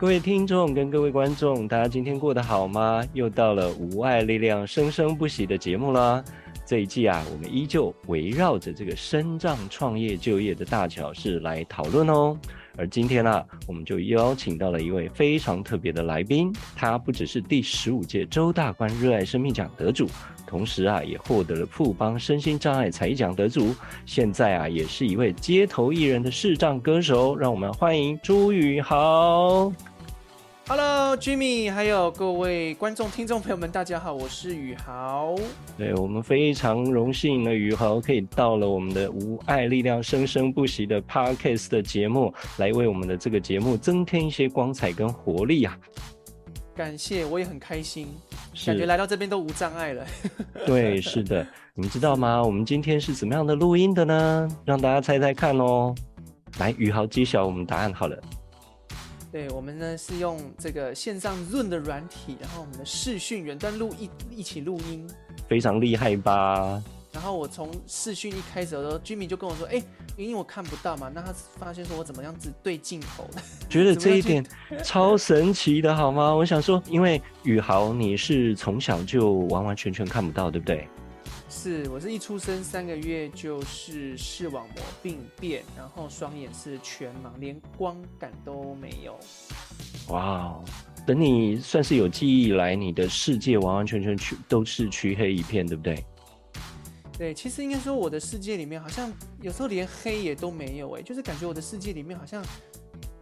各位聽眾跟各位觀眾，大家今天過得好嗎？又到了無礙力量生聲不息的節目了。這一季啊，我們依舊圍繞着這個身障、創業、就業的大小事來討論哦。而今天呢、啊，我們就邀請到了一位非常特別的來賓，他不只是第十五屆周大觀熱愛生命獎得主。同時啊，也獲得了富邦身心障礙才藝獎得主。現在啊，也是一位街頭藝人的視障歌手。讓我們歡迎朱禹豪。Hello，Jimmy，還有各位觀眾、聽眾朋友們，大家好，我是禹豪。對，我們非常榮幸呢，禹豪可以到了我們的“無礙力量生生不息”的 Podcast 的節目，來為我們的這個節目增添一些光彩跟活力啊。感謝，我也很開心。是感覺來到這邊都無障礙了。 對，是的，你們知道嗎？我們今天是怎麼樣的錄音的呢？讓大家猜猜看哦。來，禹豪揭曉我們答案好了。對，我們呢是用這個線上潤的軟體，然後我們的視訊源端錄一一起錄音，非常厲害吧。然後我從視訊一開始的時候，Jimmy 就跟我說：“哎、欸，因為我看不到嘛，那他發現說我怎麼樣子對鏡頭，覺得這一點超神奇的，好嗎？ 我想說，因為禹豪你是從小就完完全全看不到，對不對？是，我是一出生三個月就是視網膜病變，然後雙眼是全盲，連光感都沒有。哇，wow, 等你算是有記憶以來，你的世界完完全全全都是漆黑一片，對不對？”對，其實應該說，我的世界裡面好像有時候連黑也都沒有欸，就是感覺我的世界裡面好像。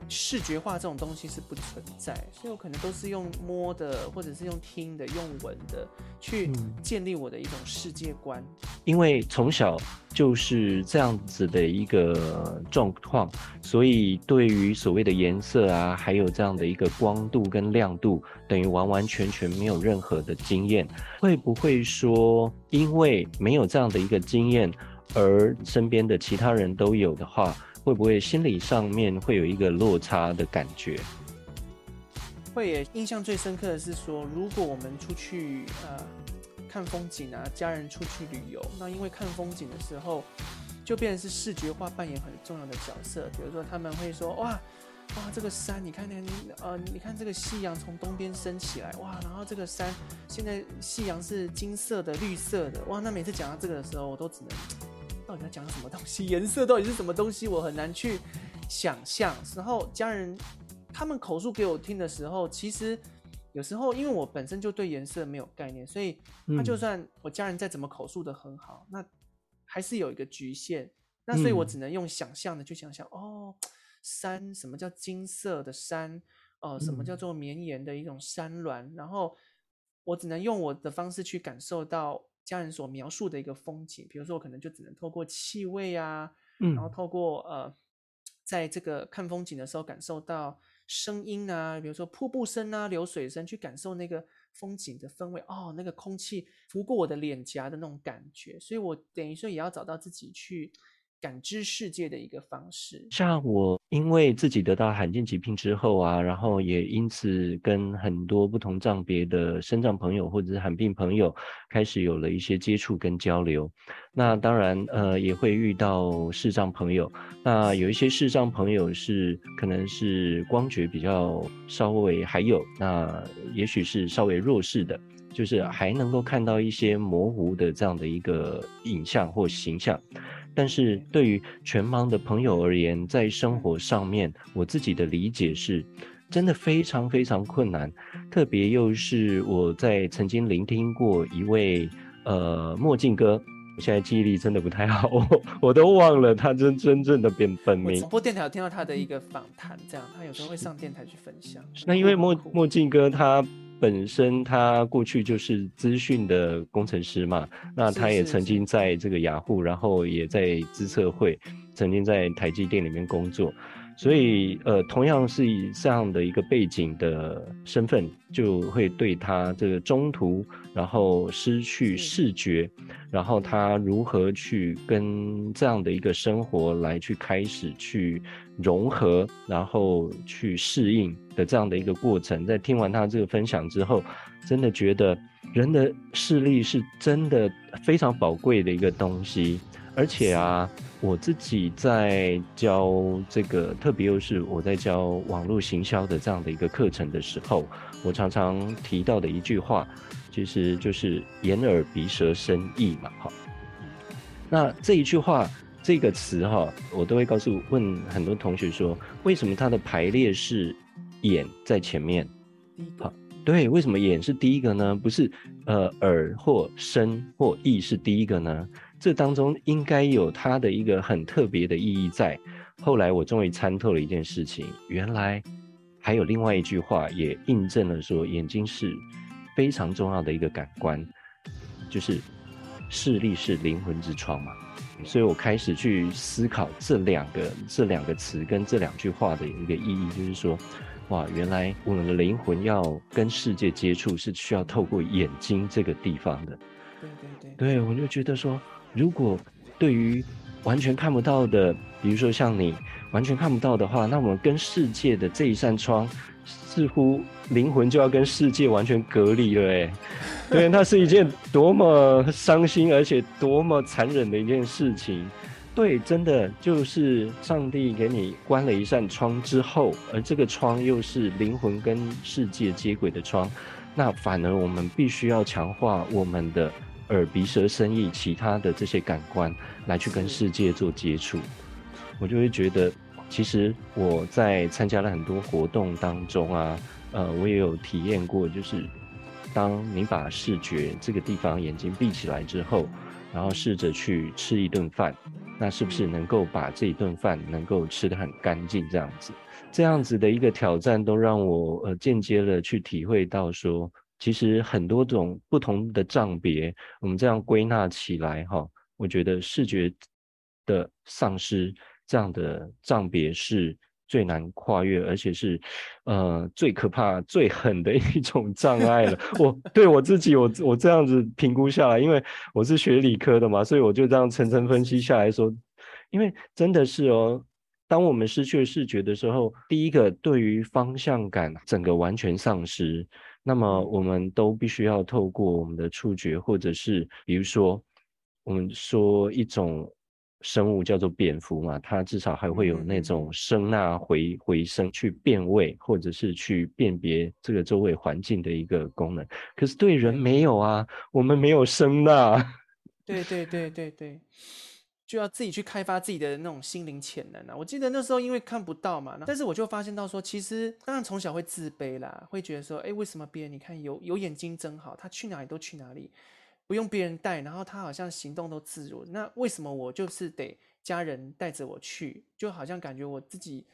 視覺化這種東西是不存在，所以我可能都是用摸的，或者是用聽的、用聞的去建立我的一種世界觀。嗯。因為從小就是這樣子的一個狀況，所以對於所謂的顏色啊，還有這樣的一個光度跟亮度，等於完完全全沒有任何的經驗。會不會說，因為沒有這樣的一個經驗，而身邊的其他人都有的話？會不會心理上面會有一個落差的感覺？會耶，印象最深刻的是說，如果我們出去、呃、看風景啊，家人出去旅遊，那因為看風景的時候，就變成是視覺化扮演很重要的角色。比如說他們會說：“哇哇，這個山，你看那呃，你看這個夕陽從東邊升起來，哇！然後這個山現在夕陽是金色的、綠色的，哇！那每次講到這個的時候，我都只能。”在講什麼東西？顏色到底是什麼東西？我很難去想象然後家人他們口述給我聽的時候，其實有時候因為我本身就對顏色沒有概念，所以他就算我家人再怎麼口述的很好，嗯、那還是有一個侷限。那所以我只能用想象的去想象嗯、哦，山什麼叫金色的山？哦、呃，什麼叫做綿延的一種山巒？嗯、然後我只能用我的方式去感受到，家人所描述的一個風景，比如說我可能就只能透過氣味啊，嗯、然後透過呃，在這個看風景的時候感受到聲音啊，比如說瀑布聲啊、流水聲，去感受那個風景的氛圍哦，那個空氣拂過我的臉頰的那種感覺，所以我等於說也要找到自己去。感知世界的一個方式，像我因為自己得到罕見疾病之後啊，然後也因此跟很多不同障別的身障朋友或者是罕病朋友開始有了一些接觸跟交流。那當然，呃，也會遇到視障朋友。那有一些視障朋友是可能是光覺比較稍微還有，那也許是稍微弱勢的，就是還能夠看到一些模糊的這樣的一個影像或形象。但是對於全盲的朋友而言，在生活上面，我自己的理解是，真的非常非常困難，特別又是我在曾經聆聽過一位呃墨鏡哥，我現在記憶力真的不太好，我都忘了他真真正的變本名。我廣播電台有聽到他的一個訪談，這樣他有時候會上電台去分享。那因為墨墨鏡哥他。本身他過去就是資訊的工程師嘛，那他也曾經在這個雅虎、ah，然後也在資策會，曾經在台積電裡面工作，所以呃，同樣是以這樣的一個背景的身份，就會對他這個中途然後失去視覺，是是然後他如何去跟這樣的一個生活來去開始去融合，然後去適應的這樣的一個過程，在聽完他這個分享之後，真的覺得人的視力是真的非常寶貴的一個東西。而且啊，我自己在教這個，特別又是我在教網絡行銷的這樣的一個課程的時候，我常常提到的一句話，其實就是眼耳鼻舌身意嘛，哈。那這一句話。這個詞哈、哦，我都會告訴問很多同學說，為什麼它的排列是眼在前面？好、啊，對，為什麼眼是第一個呢？不是呃耳或身或意是第一個呢？這當中應該有它的一個很特別的意義在。後來我終於參透了一件事情，原來還有另外一句話也印證了說，眼睛是非常重要的一個感官，就是視力是靈魂之窗嘛、啊。所以我開始去思考這兩個、這兩個詞跟這兩句話的一個意義，就是說，哇，原來我們的靈魂要跟世界接觸，是需要透過眼睛這個地方的。對對對，對，我就覺得說，如果對於完全看不到的，比如說像你，完全看不到的話，那我們跟世界的這一扇窗，似乎靈魂就要跟世界完全隔離了，誒。 對，那是一件多麼傷心而且多麼殘忍的一件事情，對，真的就是上帝給你關了一扇窗之後，而這個窗又是靈魂跟世界接軌的窗，那反而我們必須要強化我們的耳、鼻、舌、身、意，其他的這些感官來去跟世界做接觸。我就會覺得，其實我在參加了很多活動當中啊，呃，我也有體驗過，就是。當你把視覺這個地方眼睛閉起來之後，然後試着去吃一頓飯，那是不是能夠把這一頓飯能夠吃得很乾淨？這樣子，這樣子的一個挑戰都讓我呃間接的去體會到說，其實很多種不同的障別，我們這樣歸納起來哈、哦，我覺得視覺的喪失這樣的障別是。最難跨越，而且是，呃，最可怕、最狠的一種障礙了。我對我自己，我我這樣子評估下來，因為我是學理科的嘛，所以我就這樣層層分析下來說，因為真的是哦，當我們失去了視覺的時候，第一個對於方向感整個完全喪失，那麼我們都必須要透過我們的觸覺，或者是比如說我們說一種。生物叫做蝙蝠嘛，它至少還會有那種聲呐回回聲去辨位，或者是去辨別這個周圍環境的一個功能。可是對人沒有啊，我們沒有聲呐。對對對對對，就要自己去開發自己的那種心靈潛能啊！我記得那時候因為看不到嘛，但是我就發現到說，其實當然從小會自卑啦，會覺得說，哎，為什麼別人你看有有眼睛真好，他去哪裡都去哪裡。不用別人帶，然後他好像行動都自如。那為什麼我就是得家人帶着我去？就好像感覺我自己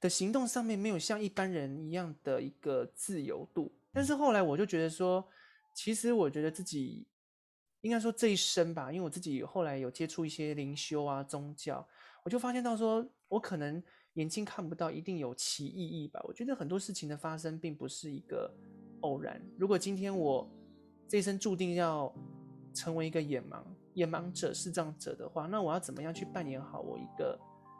的行動上面沒有像一般人一樣的一個自由度。但是後來我就覺得說，其實我覺得自己應該說這一生吧，因為我自己後來有接觸一些靈修啊、宗教，我就發現到說，我可能眼睛看不到，一定有其意義吧。我覺得很多事情的發生並不是一個偶然。如果今天我這一生注定要成為一個眼盲、眼盲者、視障者的話，那我要怎麼樣去扮演好我一個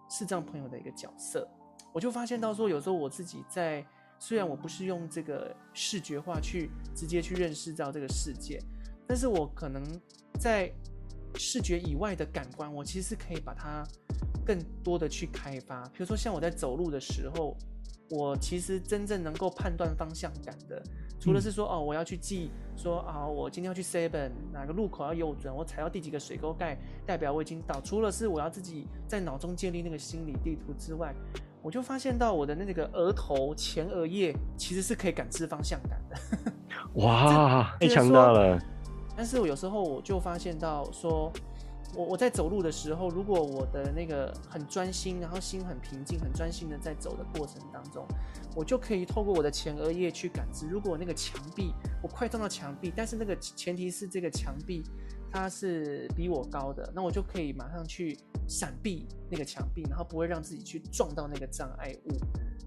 視障朋友的一個角色？我就發現到說，有時候我自己在雖然我不是用這個視覺化去直接去認識到這個世界，但是我可能在視覺以外的感官，我其實是可以把它更多的去開發。比如說，像我在走路的時候。我其實真正能夠判斷方向感的，除了是說哦，我要去記，說啊、哦，我今天要去 Seven 哪個路口要右轉，我踩到第幾個水溝蓋代表我已經到。除了是我要自己在腦中建立那個心理地圖之外，我就發現到我的那個額頭前額葉其實是可以感知方向感的。 哇，太強、就是、大了！但是我有時候我就發現到說。我我在走路的時候，如果我的那個很專心，然後心很平靜，很專心的在走的過程當中，我就可以透過我的前額葉去感知，如果那個牆壁，我快撞到牆壁，但是那個前提是這個牆壁它是比我高的，那我就可以馬上去閃避那個牆壁，然後不會讓自己去撞到那個障礙物。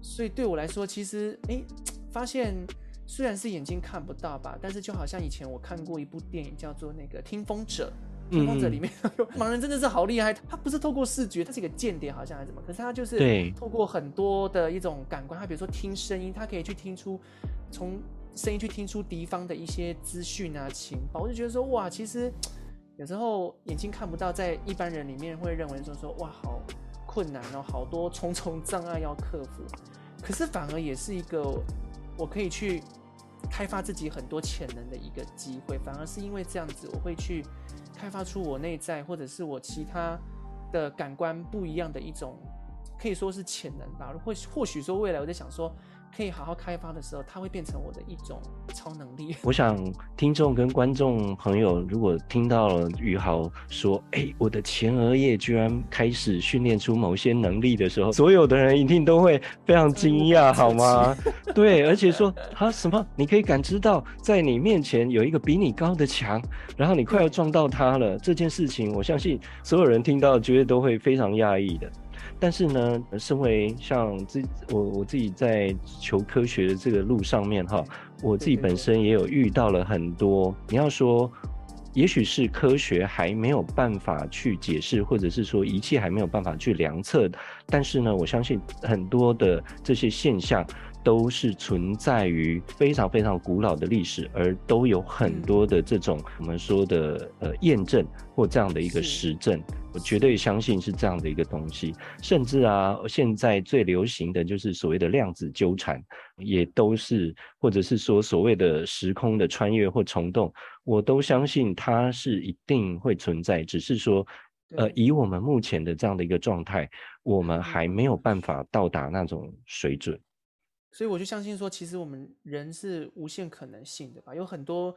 所以對我來說，其實誒，發現雖然是眼睛看不到吧，但是就好像以前我看過一部電影叫做那個《聽風者》。聽風者裡面，嗯嗯 盲人真的是好厲害。他不是透過視覺，他是一個間諜，好像還是什麼。可是他就是透過很多的一種感官，他比如說聽聲音，他可以去聽出從聲音去聽出敵方的一些資訊啊情報。我就覺得說，哇，其實有時候眼睛看不到，在一般人裡面會認為說說哇好困難哦，然後好多重重障礙要克服。可是反而也是一個我可以去開發自己很多潛能的一個機會。反而是因為這樣子，我會去，開發出我內在或者是我其他的感官不一樣的一種，可以說是潛能吧。或或許說未來，我在想說，可以好好開發的時候，它會變成我的一種超能力。我想聽眾跟觀眾朋友，如果聽到了禹豪說：“哎、欸，我的前額葉居然開始訓練出某些能力的時候”，所有的人一定都會非常驚訝，好嗎？ 對，而且說啊 什麼，你可以感知到在你面前有一個比你高的牆，然後你快要撞到它了，對這件事情，我相信所有人聽到絕對都會非常訝異的。但是呢，身為像自我我自己在求科學的這個路上面哈，我自己本身也有遇到了很多。你要說，也許是科學還沒有辦法去解釋，或者是說一切還沒有辦法去量測。但是呢，我相信很多的這些現象，都是存在於非常非常古老的歷史，而都有很多的這種我們說的呃驗證或這樣的一個實證，我絕對相信是這樣的一個東西。甚至啊，現在最流行的就是所謂的量子糾纏，也都是或者是說所謂的時空的穿越或蟲洞，我都相信它是一定會存在，只是說，呃，以我們目前的這樣的一個狀態，我們還沒有辦法到達那種水準。所以我就相信說，其實我們人是無限可能性的吧。有很多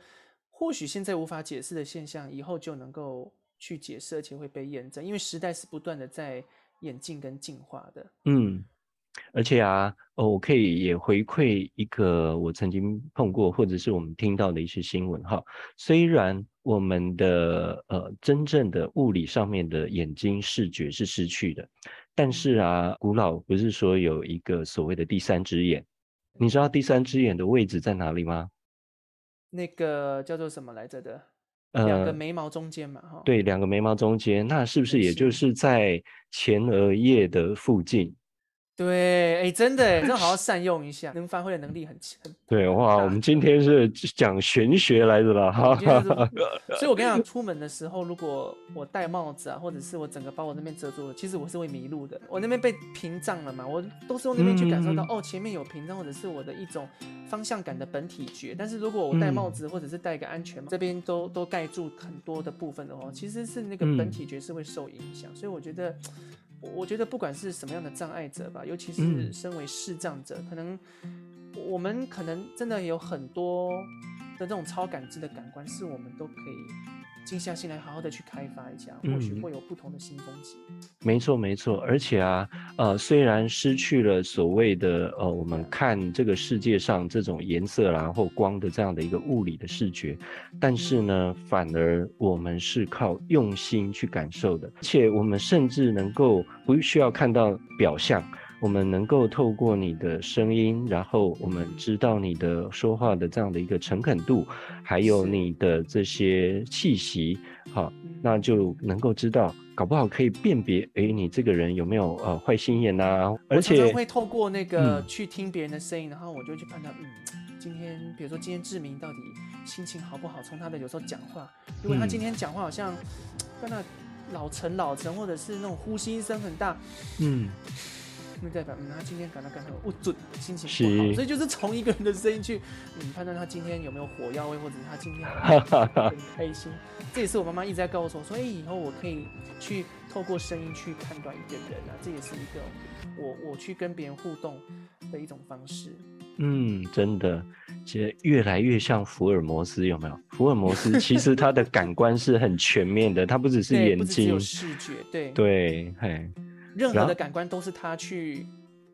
或許現在無法解釋的現象，以後就能夠去解釋而且會被驗證，因為時代是不斷的在演進跟進化的。嗯，而且啊，哦，我可以也回饋一個我曾經碰過或者是我們聽到的一些新聞哈。雖然我們的，呃，真正的物理上面的眼睛視覺是失去的。但是啊，古老不是說有一個所謂的第三隻眼，你知道第三隻眼的位置在哪裡嗎？那個叫做什麼來着的？嗯，兩個眉毛中間嘛，哈。對，兩個眉毛中間，那是不是也就是在前額葉的附近？嗯對，哎、欸，真的、欸，哎，的好好善用一下， 能發揮的能力很強。很對，哇，我們今天是講玄學來的啦， 就是。所以我跟你講，出門的時候，如果我戴帽子啊，或者是我整個把我那邊遮住了，其實我是會迷路的。我那邊被屏障了嘛，我都是用那邊去感受到，嗯、哦，前面有屏障，或者是我的一種方向感的本體覺。但是如果我戴帽子，或者是戴一個安全帽，嗯、這邊都都蓋住很多的部分的話，其實是那個本體覺是會受影響。嗯、所以我覺得。我覺得不管是什麼樣的障礙者吧，尤其是身為視障者，嗯，可能我們可能真的有很多的這種超感知的感官，是我們都可以。靜下心來，好好的去開發一下，或許會有不同的新風景。嗯，沒錯，沒錯。而且啊，呃，雖然失去了所謂的呃，我們看這個世界上這種顏色，然後光的這樣的一個物理的視覺，但是呢，反而我們是靠用心去感受的，而且我們甚至能夠不需要看到表象。我們能夠透過你的聲音，然後我們知道你的說話的這樣的一個誠懇度，還有你的這些氣息，好是、啊，那就能夠知道，搞不好可以辨別，哎、欸，你這個人有沒有呃壞心眼吶、啊？而且會透過那個去聽別人的聲音，嗯、然後我就去判斷，嗯，今天比如說今天志明到底心情好不好？從他的有時候講話，因為他今天講話好像變得、嗯、老陳、老陳或者是那種呼吸聲很大，嗯。那代表，嗯，他今天感到感到不准心情不好，是所以就是從一個人的聲音去，嗯，判斷他今天有沒有火藥味，或者他今天很開心。 這也是我媽媽一直在告訴我說，以、欸、以後我可以去透過聲音去判斷一個人啊，這也是一個我我去跟別人互動的一種方式。嗯，真的，其實越來越像福爾摩斯，有沒有？福爾摩斯其實他的感官是很全面的， 他不只是眼睛，不只只有視覺，對對，嘿。任何的感官都是他去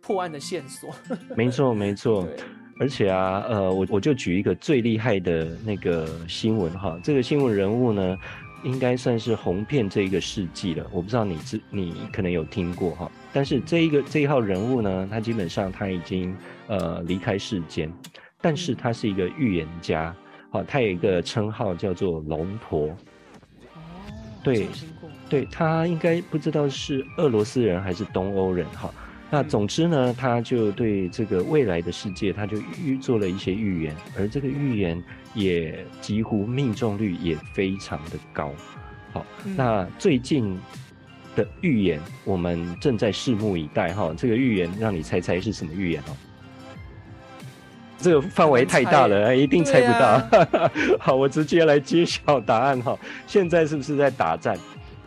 破案的線索啊。 沒錯，沒錯。對而且啊，呃，我我就舉一個最厲害的那個新聞哈，這個新聞人物呢，應該算是紅遍這一個世紀了。我不知道你知，你可能有聽過哈。但是這一個這一號人物呢，他基本上他已經呃離開世間，但是他是一個預言家，好，他有一個稱號叫做龍婆。哦、對。對，他應該不知道是俄羅斯人還是東歐人哈、嗯哦。那總之呢，他就對這個未來的世界，他就預做了一些預言，而這個預言也幾乎命中率也非常的高。好、哦，嗯、那最近的預言我們正在拭目以待哈、哦。這個預言讓你猜猜是什麼預言哦？這個範圍太大了，一定猜不到。啊、 好，我直接來揭曉答案哈、哦。現在是不是在打仗？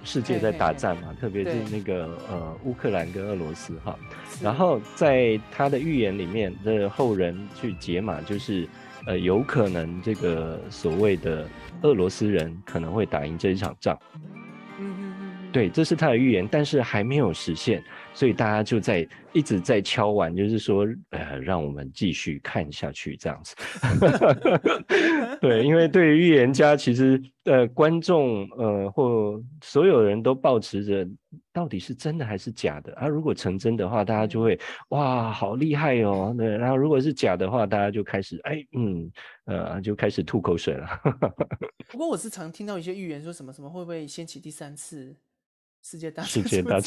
世界在打仗嘛，嘿嘿，特別是那個對呃烏克蘭跟俄羅斯哈，是然後在他的預言裡面的、這個、後人去解碼，就是呃有可能這個所謂的俄羅斯人可能會打贏這一場仗。嗯哼嗯對，這是他的預言，但是還沒有實現。所以大家就在一直在敲碗，就是說，呃，讓我們繼續看下去這樣子。 對，因為對於預言家，其實呃，觀眾呃或所有人都抱持著到底是真的還是假的啊。如果成真的話，大家就會哇，好厲害哦、喔。對，然後如果是假的話，大家就開始哎，嗯，呃，就開始吐口水了。 不過我是常聽到一些預言說什麼什麼，會不會掀起第三次？世界，是是世界大戰，世界大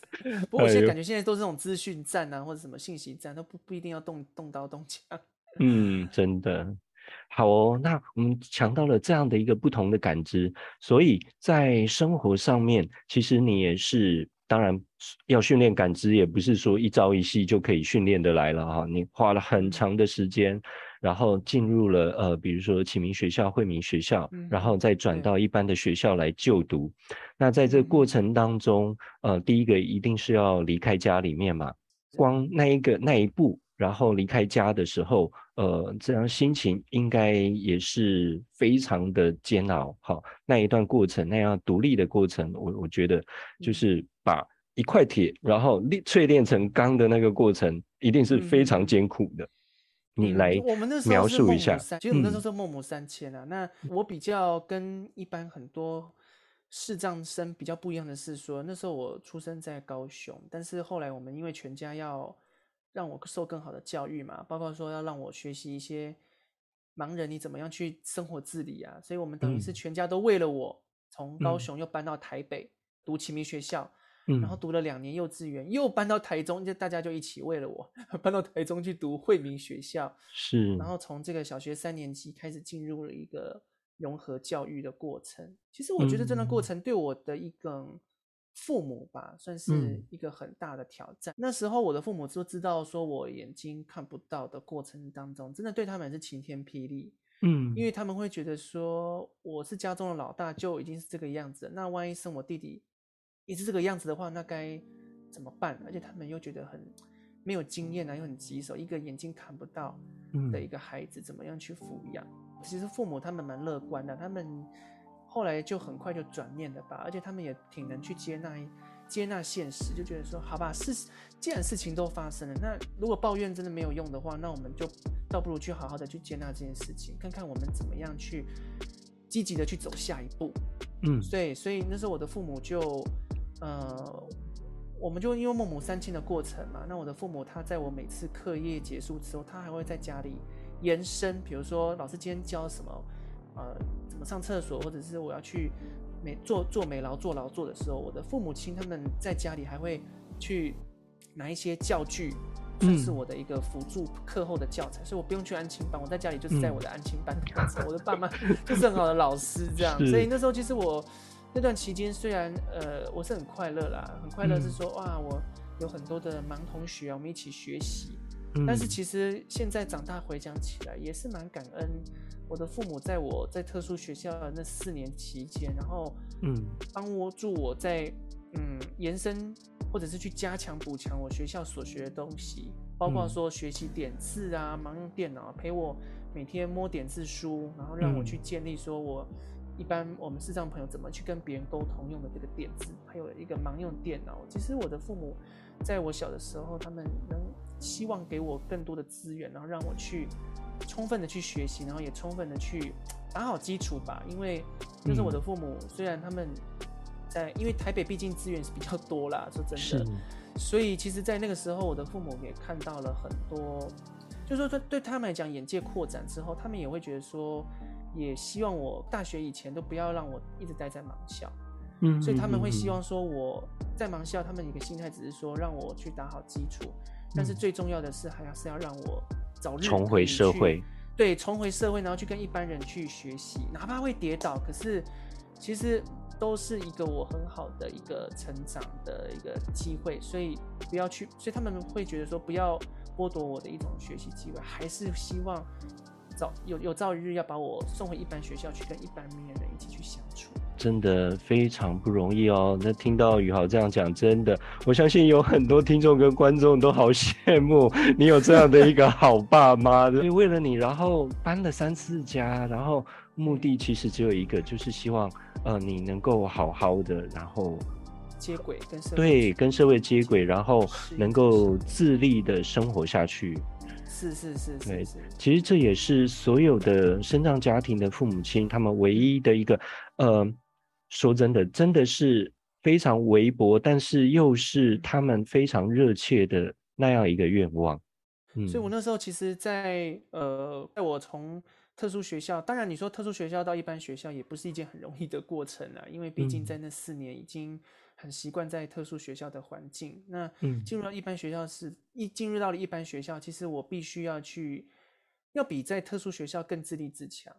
戰。不過我現在感覺現在都是這種資訊戰啊，哎、呦或者什麼信息戰，都不不一定要動動刀動槍。嗯，真的。好哦，那我們強調了這樣的一個不同的感知，所以在生活上面，其實你也是，當然要訓練感知，也不是說一朝一夕就可以訓練得來了哈、啊。你花了很長的時間。然後進入了呃，比如說啟明學校、惠明學校，然後再轉到一般的學校來就讀。嗯、那在這過程當中，呃，第一個一定是要離開家裡面嘛，光那一個那一步，然後離開家的時候，呃，這樣心情應該也是非常的煎熬。好，那一段過程，那樣獨立的過程，我我覺得就是把一塊鐵，然後煉淬煉成鋼的那個過程，一定是非常艱苦的。嗯嗯你來描述一下，嗯、其實我們那時候是孟母三遷啊。那我比較跟一般很多視障生比較不一樣的是說，說那時候我出生在高雄，但是後來我們因為全家要讓我受更好的教育嘛，包括說要讓我學習一些盲人你怎麼樣去生活自理啊，所以我們等於是全家都為了我，從高雄又搬到台北讀啟明學校。嗯嗯然後讀了兩年幼稚園，嗯、又搬到台中，就大家就一起為了我搬到台中去讀惠明學校。是，然後從這個小學三年級開始進入了一個融合教育的過程。其實我覺得這段過程對我的一個父母吧，嗯、算是一個很大的挑戰。嗯、那時候我的父母就知道說我眼睛看不到的過程當中，真的對他們也是晴天霹靂。嗯，因為他們會覺得說我是家中的老大，就已經是這個樣子，那萬一生我弟弟。一直這個樣子的話，那該怎麼辦？而且他們又覺得很沒有經驗啊，又很棘手。一個眼睛看不到的一個孩子，怎麼樣去撫養？嗯、其實父母他們蠻樂觀的，他們後來就很快就轉念的吧。而且他們也挺能去接納接納現實，就覺得說好吧，事既然事情都發生了，那如果抱怨真的沒有用的話，那我們就倒不如去好好的去接納這件事情，看看我們怎麼樣去積極的去走下一步。嗯，對，所以那時候我的父母就。呃，我們就因為孟母三遷的過程嘛，那我的父母他在我每次課業結束之後，他還會在家裡延伸，比如說老師今天教什麼，呃，怎麼上廁所，或者是我要去美做，做美勞做勞作的時候，我的父母親他們在家裡還會去拿一些教具，嗯、算是我的一個輔助課後的教材，所以我不用去安親班，我在家裡就是在我的安親班的、嗯、我的爸媽就是很好的老師這樣， 是所以那時候其實我。那段期間雖然呃我是很快樂啦，很快樂是說哇、嗯啊、我有很多的盲同學，我們一起學習。嗯、但是其實現在長大回想起來，也是蠻感恩我的父母在我在特殊學校的那四年期間，然後嗯幫我助我在嗯，嗯延伸或者是去加強補強我學校所學的東西，包括說學習點字啊，盲用電腦陪我每天摸點字書，然後讓我去建立說我。一般我們視障朋友怎麼去跟別人溝通用的這個點字，還有一個盲用電腦。其實我的父母，在我小的時候，他們能希望給我更多的資源，然後讓我去充分的去學習，然後也充分的去打好基礎吧。因為就是我的父母，嗯、雖然他們在，因為台北畢竟資源是比較多啦，說真的。是所以其實，在那個時候，我的父母也看到了很多，就是說對對他們來講，眼界擴展之後，他們也會覺得說。也希望我大學以前都不要讓我一直待在盲校，嗯，所以他們會希望說我在盲校，他們一個心態只是說讓我去打好基礎，嗯，但是最重要的是還要是要讓我早日重回社會，對，重回社會，然後去跟一般人去學習，哪怕會跌倒，可是其實都是一個我很好的一個成長的一個機會，所以不要去，所以他們會覺得說不要剝奪我的一種學習機會，還是希望。有有有朝一日，要把我送回一般學校去跟一般明眼人一起去相處。真的非常不容易哦！那聽到禹豪這樣講，真的，我相信有很多聽眾跟觀眾都好羨慕你有這樣的一個好爸媽的。 所以為了你，然後搬了三次家，然後目的其實只有一個，就是希望呃你能夠好好的，然後接軌跟社會對，跟社會接軌，然後能夠自立的生活下去。是是是，是，其實這也是所有的身障家庭的父母親，他們唯一的一個，呃，說真的，真的是非常微薄，但是又是他們非常熱切的那樣一個願望。嗯，所以我那時候其實在，在呃，在我從，特殊學校，當然你說特殊學校到一般學校也不是一件很容易的過程啊，因為畢竟在那四年已經很習慣在特殊學校的環境，嗯，那進入到一般學校是一進入到了一般學校，其實我必須要去要比在特殊學校更自立自強，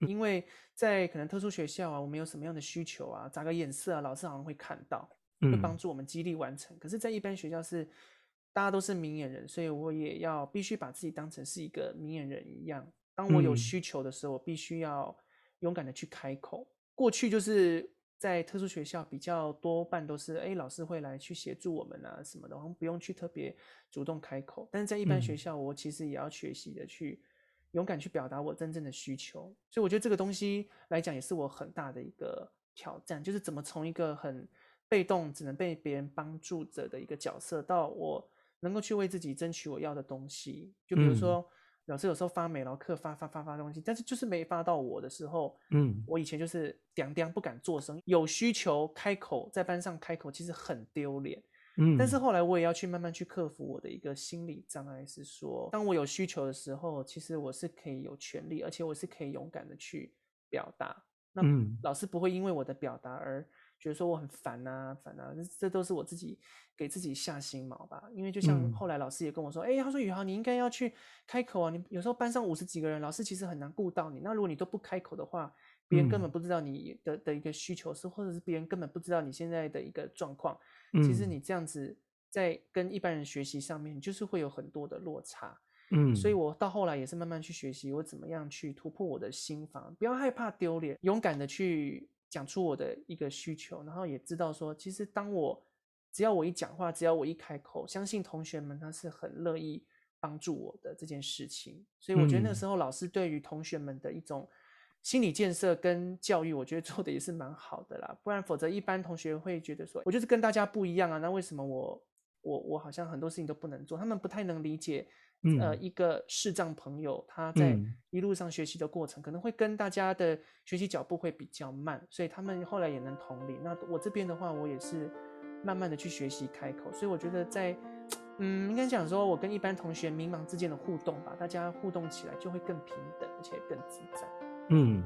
因為在可能特殊學校啊，我們有什麼樣的需求啊，眨個眼色啊，老師好像會看到，會幫助我們激勵完成。可是，在一般學校是大家都是明眼人，所以我也要必須把自己當成是一個明眼人一樣。當我有需求的時候，我必須要勇敢的去開口。過去就是在特殊學校比較多半都是哎、欸，老師會來去協助我們啊什麼的，我們不用去特別主動開口。但是在一般學校，我其實也要學習的去勇敢去表達我真正的需求。所以我覺得這個東西來講，也是我很大的一個挑戰，就是怎麼從一個很被動、只能被別人幫助着的一個角色，到我能夠去為自己爭取我要的東西。就比如說。嗯老師有時候發美勞課發發發發東西，但是就是沒發到我的時候，嗯，我以前就是嗲嗲不敢作聲，有需求開口在班上開口其實很丟臉，嗯，但是後來我也要去慢慢去克服我的一個心理障礙，是說當我有需求的時候，其實我是可以有權利，而且我是可以勇敢的去表達，那老師不會因為我的表達而。覺得說我很煩吶、啊，煩吶、啊，這這都是我自己給自己下心錨吧。因為就像後來老師也跟我說，哎、嗯欸，他說禹豪，你應該要去開口啊。你有時候班上五十幾個人，老師其實很難顧到你。那如果你都不開口的話，別人根本不知道你的的一個需求是，或者是別人根本不知道你現在的一個狀況。其實你這樣子在跟一般人學習上面，就是會有很多的落差。嗯，所以我到後來也是慢慢去學習，我怎麼樣去突破我的心防，不要害怕丟臉，勇敢的去。講出我的一個需求，然後也知道說，其實當我只要我一講話，只要我一開口，相信同學們他是很樂意幫助我的這件事情。所以我覺得那個時候老師對於同學們的一種心理建設跟教育，我覺得做的也是蠻好的啦。不然否則，一般同學會覺得說，我就是跟大家不一樣啊，那為什麼我我我好像很多事情都不能做？他們不太能理解。嗯、呃，一個視障朋友，他在一路上學習的過程，嗯、可能會跟大家的學習腳步會比較慢，所以他們後來也能同理。那我這邊的話，我也是慢慢的去學習開口，所以我覺得在，嗯，應該講說我跟一般同學迷茫之間的互動吧，大家互動起來就會更平等，而且更自在。嗯，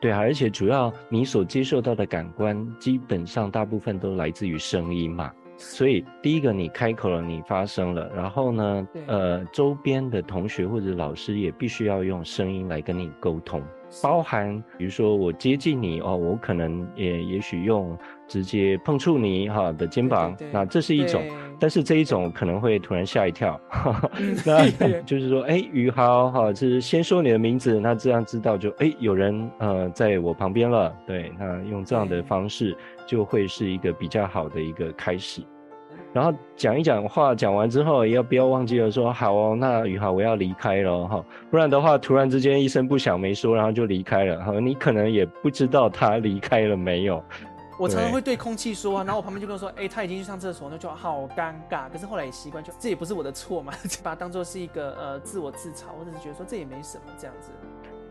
對啊，而且主要你所接受到的感官，基本上大部分都來自於聲音嘛。所以，第一個，你開口了，你發聲了，然後呢，對呃，周邊的同學或者老師也必須要用聲音來跟你溝通。包含，比如說我接近你哦，我可能也也許用直接碰觸你哈的、啊、的肩膀，對對對，那這是一種，對但是這一種可能會突然嚇一跳對呵呵，那就是說哎禹、欸、豪哈、啊，就是先說你的名字，那這樣知道就哎、欸、有人呃在我旁邊了，對，那用這樣的方式就會是一個比較好的一個開始。然後講一講話，講完之後，也要不要忘記了說好哦，那禹豪我要離開了哈，不然的話突然之間一聲不響沒說，然後就離開了哈，你可能也不知道他離開了沒有。我常常會對空氣說，然後我旁邊就跟我說，哎、 欸，他已經去上廁所，那就好尷尬。可是後來也習慣就，就這也不是我的錯嘛，就 把它當做是一個呃自我自嘲，或者是覺得說這也沒什麼這樣子。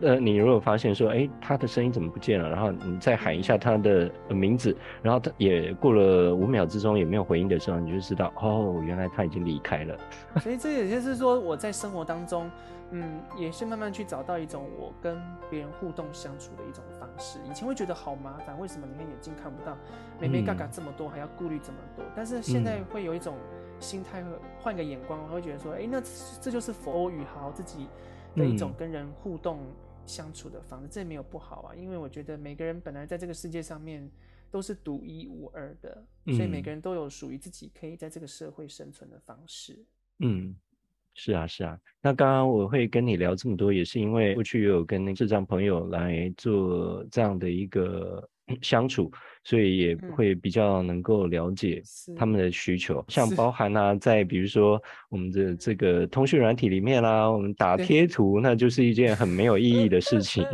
呃，你如果發現說，哎，他的聲音怎麼不見了？然後你再喊一下他的名字，然後他也過了五秒之中也沒有回應的時候，你就知道，哦，原來他已經離開了。所以這也就是說，我在生活當中，嗯，也是慢慢去找到一種我跟別人互動相處的一種方式。以前會覺得好麻煩，為什麼你們眼睛看不到，眉眉角角這麼多，還要顧慮這麼多？但是現在會有一種心態，換一個眼光，嗯、我會覺得說，哎，那這，這就是佛禹豪自己的一種跟人互動相處的方式，這也沒有不好啊，因為我覺得每個人本來在這個世界上面都是獨一無二的，嗯，所以每個人都有屬於自己可以在這個社會生存的方式。嗯，是啊，是啊。那剛剛我會跟你聊這麼多，也是因為過去有跟那智障朋友來做這樣的一個相處。所以也會比較能夠了解他們的需求，嗯、像包含啊，在比如說我們的這個通訊軟體裡面啦、啊，我們打貼圖對那就是一件很沒有意義的事情。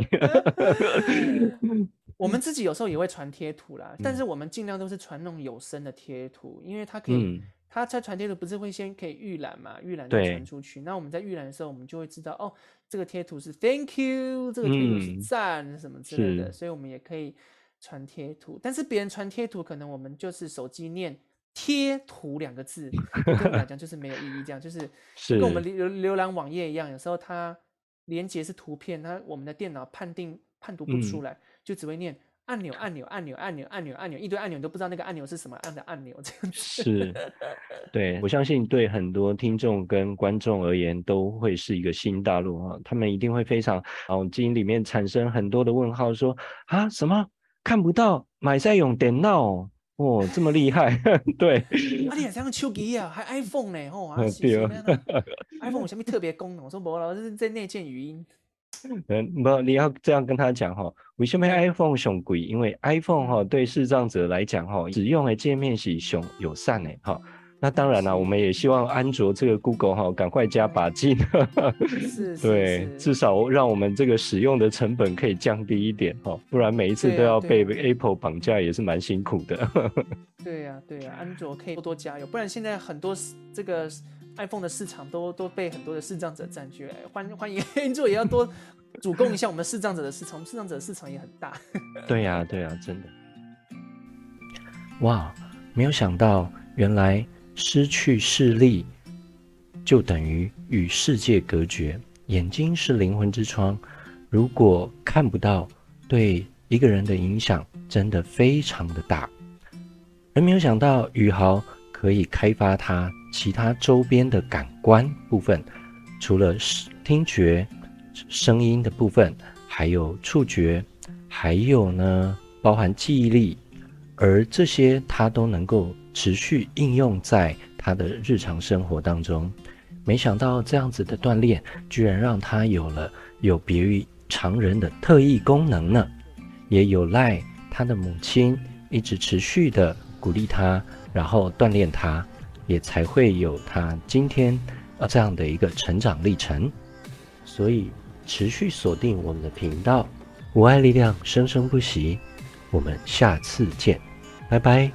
嗯、 我們自己有時候也會傳貼圖啦，嗯、但是我們儘量都是傳那種有聲的貼圖，因為它可以，嗯、它在傳貼圖不是會先可以預覽嘛？預覽就傳出去，對那我們在預覽的時候，我們就會知道哦，這個貼圖是 Thank you，這個貼圖是讚什麼之類的，嗯、所以我們也可以。傳貼圖，但是別人傳貼圖，可能我們就是手機念貼圖兩個字， 我對我來講就是沒有意義。這樣就是跟我們瀏瀏覽網頁一樣，是有時候它連接是圖片，它我們的電腦判定判讀不出來，嗯、就只會念按鈕按鈕按鈕按鈕按鈕按鈕一堆按鈕都不知道那個按鈕是什麼按的按鈕這樣。是，對 我相信對很多聽眾跟觀眾而言都會是一個新大陸啊，他們一定會非常哦，心、啊、裡面產生很多的問號說，說啊什麼？看不到買賽用電腦、哦，哇、哦，這麼厲害， 對。阿裡好像手機啊，還 iPhone 呢，吼。對啊。 iPhone 有什麼特別功能？我說伯老這是在內建語音。嗯，不，你要這樣跟他講哈、哦，為什麼 iPhone 熊貴？因為 iPhone 哈、哦，對視障者來講哈、哦，使用的界面是熊友善嘞，哈、哦。那當然了、啊，是我們也希望安卓這個 Google 哈、哦，趕快加把勁， 對，至少讓我們這個使用的成本可以降低一點哈，不然每一次都要被 Apple 綁架也是蠻辛苦的。 對呀、啊，對呀、啊，安卓可以多多加油，不然現在很多這個 iPhone 的市場都都被很多的視障者佔據了，歡迎歡迎安卓也要多主攻一下我們視障者的市場，我們視障 者的市場也很大。 對呀、啊，對呀、啊，真的。哇，沒有想到，原來。失去視力，就等於與世界隔絕。眼睛是靈魂之窗，如果看不到，對一個人的影響真的非常的大。而沒有想到禹豪可以開發他其他周邊的感官部分，除了聽覺、聲音的部分，還有觸覺，還有呢包含記憶力，而這些他都能夠。持續應用在他的日常生活當中，沒想到這樣子的鍛鍊，居然讓他有了有別於常人的特異功能呢。也有賴他的母親一直持續的鼓勵他，然後鍛鍊他，也才會有他今天呃這樣的一個成長歷程。所以持續鎖定我們的頻道，無礙力量生聲不息。我們下次見，拜拜。